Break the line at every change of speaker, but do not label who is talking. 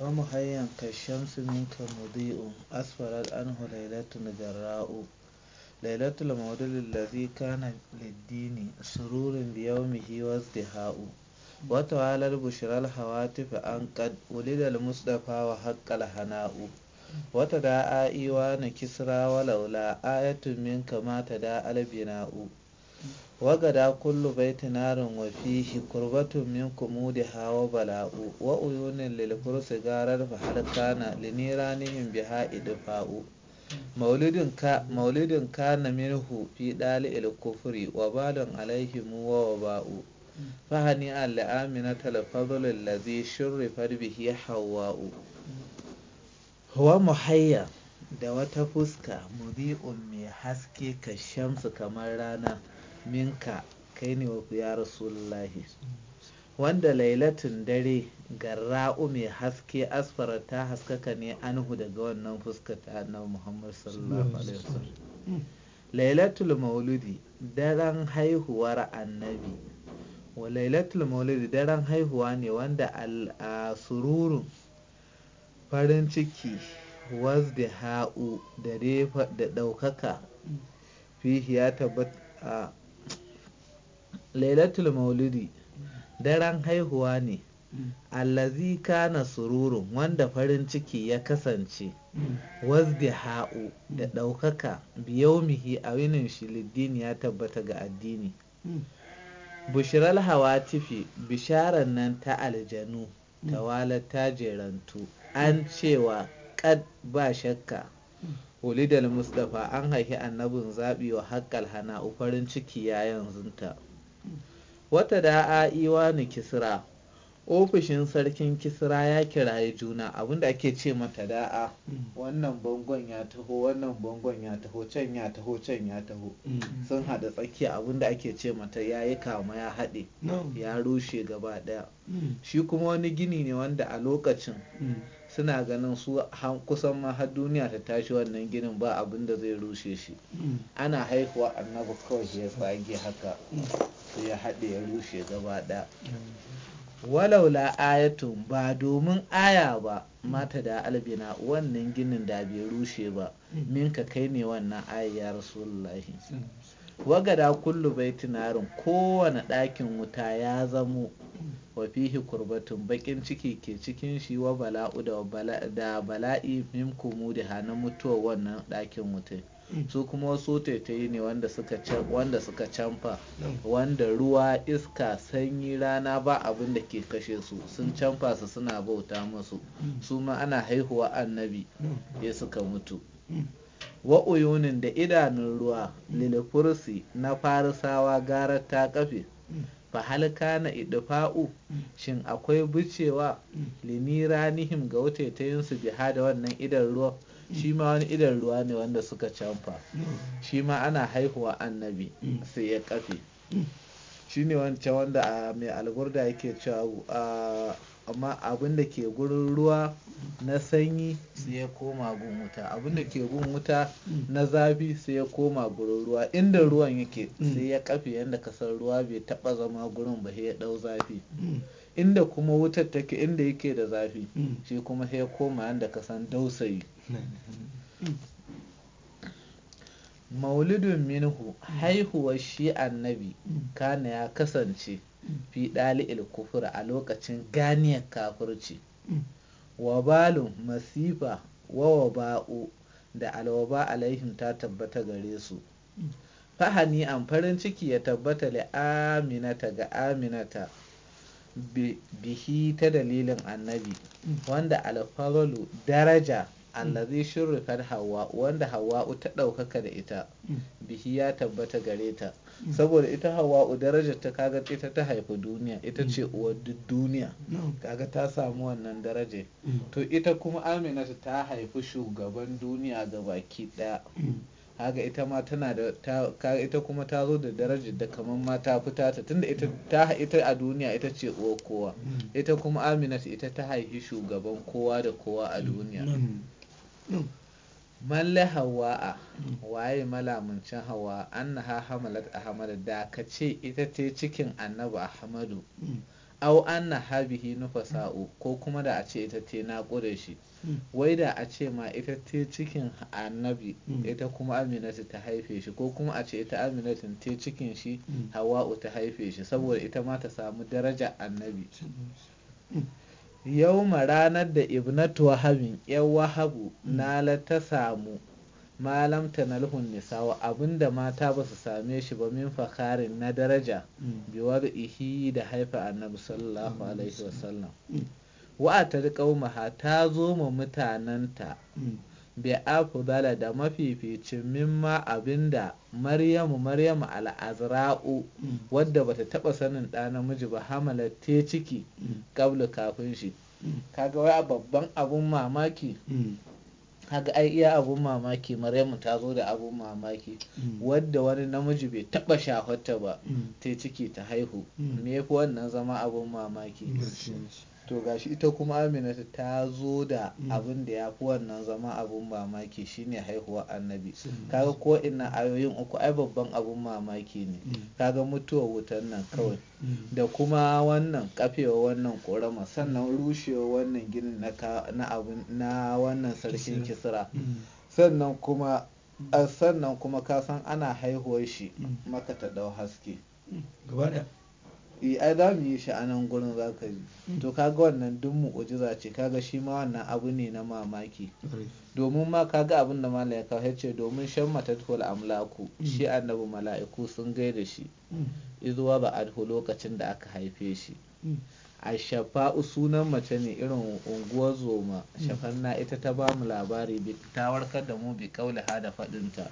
Wa mu hayan kashiyan su Minka Muduyi, Um Asfarad, Anwar Lailatu na Jaraɗu. Lailatu na Kana, Liddini. Sururin da yaumahi wasu da haƙo. Wata wahalar busherar hawa, an ƙad. Wuli dal wa haƙƙal hana uu. Wata da 'a'i na kisrawa laula, 'ayetun min kamata da bina'u وغدا كل بيت نار وفيه قربة من قمودها وبلاء وعيون للفرس غارر فهل لنيرانهم بها إدفاء مولد كا مولد كان منه في دال الكفر وبال عليهم ووباء فهنيئا لآمنة الفضل الذي شرفت به حواء هو محيا da wata fuska mudi'un mai haske ka shamsu kamar rana minka kai ne ya rasulullahi wanda lailatun dare garra'u mai haske asfara ta haskaka ne anhu daga wannan fuska ta annabi muhammad sallallahu alaihi wasallam lailatul mauludi daren haihuwar annabi wa lailatul mauludi daren haihuwa ne wanda sururun farin ciki da ha'u da ɗaukaka fihi ya tabbata lailatul maulidi daren haihuwa ne allazi kana sururun wanda farin ciki ya kasance wazdi ha'u da ɗaukaka biyaumihi a winin shi ya tabbata ga addini Hawa Tifi, bisharar nan ta aljanu tawalar ta jerantu an cewa kad ba shakka ulidal mustapha an haifi annabin zaɓi wa haƙƙal hana'u farin ciki ya yanzunta wata da a'iwa ni kisra ofishin sarkin kisra ya kiraye juna abinda ake ce mata da'a wannan bangon ya taho wannan bangon ya taho can ya taho can ya taho sun haɗa tsakiya abinda ake ce mata ya yi kama ya haɗe ya rushe gaba ɗaya mm. shi kuma wani gini ne wanda a lokacin mm. suna ganin su kusan ma har duniya ta tashi wannan ginin ba abin da zai rushe shi mm. ana haihuwa annabi kawai ya fage haka su ya haɗe ya rushe gaba ɗaya walaula ayatun ba domin aya ba mata da albina wannan ginin da bai rushe ba mm. Min ka kai ne wannan ayar rasulullahi mm. wagada kullu bai tunarin kowane ɗakin wuta ya zamo wa fihi kurbatun bakin ciki ke cikin shi wa bala'u da bala'i min da na mutuwa wannan ɗakin wuta su kuma wasu taitayi ne wanda suka canfa wanda ruwa iska sanyi rana ba abin da ke kashe su sun canfa su suna bauta masu su ma ana haihuwa annabi ya suka mutu wa da idanun ruwa lilfursi na farisawa gara ta kafe mm. fa halka na idfa'u mm. shin akwai bucewa mm. limiranihim ga su biha da wannan idan ruwa shi ma wani idan ruwa ne wanda suka canfa shi ma ana haihuwa annabi sai ya kafe shine wancan wanda a mai alburda yake cewa amma abin da ke gurin ruwa na sanyi sai ya koma gun wuta abin da ke gun wuta na zafi sai ya koma gurin ruwa inda ruwan yake sai ya kafe yadda kasar ruwa bai taba zama gurin ba ya dau zafi inda kuma wutar take inda yake da zafi shi kuma sai ya koma yadda kasan dausayi maulidun minhu mm. haihuwar shi annabi mm. kana ya kasance mm. fi ɗali'il kufura a lokacin ganiyar kafirci wabalun masifa wa waba'u da alwaba alaihim ta tabbata gare su fahani an farin ciki ya tabbata da aminata ga aminata bihi ta dalilin annabi wanda alfaralu daraja allazi shurrikat hawa wanda hawa ta ɗaukaka da ita bihi ya tabbata gare ta saboda ita u darajar ta kaga ita ta haifi duniya ita ce uwar duk duniya kaga ta samu wannan daraja to ita kuma aminatu ta haifi shugaban duniya ga baki ɗaya haga ita ma tana da ta ita kuma ta zo da darajar da kamar ma ta fita ta tunda ita ta ita a duniya ita ce uwar kowa ita kuma amina ita ta haifi shugaban kowa da kowa a duniya Malle Hawa'a waye malamancin Hawa annaha hamalat Ahmad da ka ce ita ce cikin Annabi Ahmadu au anna habihi nufasa'u ko kuma da a ce ita ce naƙuda shi wai da a ce ma ita ce cikin annabi ita kuma aminatu ta haife shi ko kuma a ce ita Aminatu te cikin shi hawa'u ta haife shi saboda ita ma ta samu daraja annabi Yau ma ranar da ibnatu wahabin yan wahabu nala ta samu malam ta nalhun nisawa abinda mata ba su same shi ba min fakarin na daraja biwar ihi da haifa annabi sallallahu alaihi wasallam wa ta ta zo ma mutanenta bi afdala da mafificin mimma abinda maryamu maryamu al'azra'u mm. wadda bata taba sanin ɗa namiji ba hamalar te ciki kablu mm. kafin shi mm. kaga wai babban abun mamaki kaga ai iya abun mamaki maryamu ta zo da abun mamaki wadda wani namiji bai taba shahotta ba te ciki ta haihu me yafi wannan zama abun mamaki to gashi ita kuma Amina ta zo da mm. abin da ya fi wannan zama abin mamaki shine haihuwar annabi kaga ko ina ayoyin uku ai babban abin mamaki ne mm. kaga mutuwar wutan nan kawai mm. da kuma wannan kafewa wannan korama sannan rushewa wannan ginin na wannan sarkin kisra sannan kuma sannan kuma kasan ana haihuwar shi maka ta dau haske eh ai za mu yi shi a nan gurin za ka yi. to kaga wannan duk mu'ujiza ce kaga shi ma wannan abu ne na mamaki domin ma kaga abin da mala ya kawo ya ce domin shan matatul amlaku shi annabi mala'iku sun gaida shi izuwa ba adhu lokacin da aka haife shi a shafa'u sunan mace ne irin unguwar zoma shafanna ita ta ba mu labari ta warkar da mu bi kaulaha da faɗinta